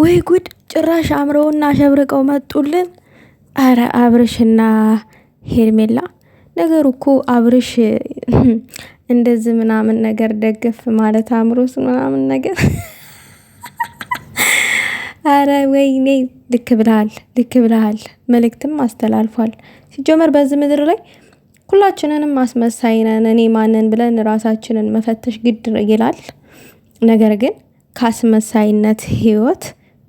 ወይ ጉድ! ጭራሽ አምረውና አሸብርቀው መጡልን። አረ አብርሽና ሄርሜላ ነገሩ እኮ አብርሽ እንደዚህ ምናምን ነገር ደገፍ ማለት አምሮስ ምናምን ነገር አረ ወይኔ ልክ ብልሃል፣ ልክ ብልሃል። መልእክትም አስተላልፏል። ሲጀመር በዚህ ምድር ላይ ሁላችንንም አስመሳይ ነን፣ እኔ ማንን ብለን ራሳችንን መፈተሽ ግድ ይላል። ነገር ግን ከአስመሳይነት ህይወት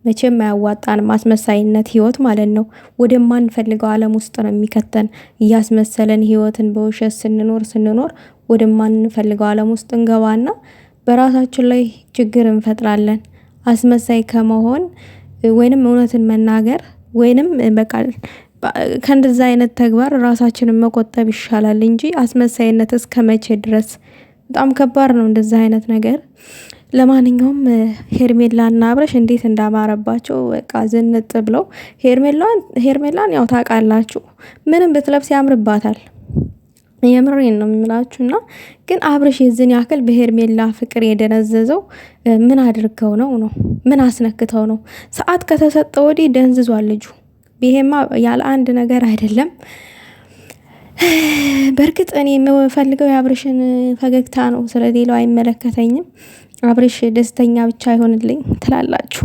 መቼም አያዋጣን ማስመሳይነት ህይወት ማለት ነው። ወደማንፈልገው ዓለም ውስጥ ነው የሚከተን። እያስመሰለን ህይወትን በውሸት ስንኖር ስንኖር ወደማንፈልገው ዓለም ውስጥ እንገባና በራሳችን ላይ ችግር እንፈጥራለን። አስመሳይ ከመሆን ወይንም እውነትን መናገር ወይንም በቃ ከእንደዛ አይነት ተግባር ራሳችንን መቆጠብ ይሻላል እንጂ አስመሳይነት እስከ መቼ ድረስ? በጣም ከባድ ነው እንደዛ አይነት ነገር ለማንኛውም ሄርሜላና አብረሽ እንዴት እንዳማረባቸው በቃ ዝንጥ ብለው። ሄርሜላን ያው ታውቃላችሁ፣ ምንም ብትለብስ ያምርባታል። የምሬን ነው የምላችሁና ግን አብረሽ የዝን ያክል በሄርሜላ ፍቅር የደነዘዘው ምን አድርገው ነው ነው ምን አስነክተው ነው? ሰዓት ከተሰጠ ወዲህ ደንዝዟል ልጁ። ይሄማ ያለ አንድ ነገር አይደለም። በእርግጥ እኔ የምፈልገው የአብርሽን ፈገግታ ነው። ስለሌላው አይመለከተኝም። አብሬሽ ደስተኛ ብቻ አይሆንልኝ ትላላችሁ።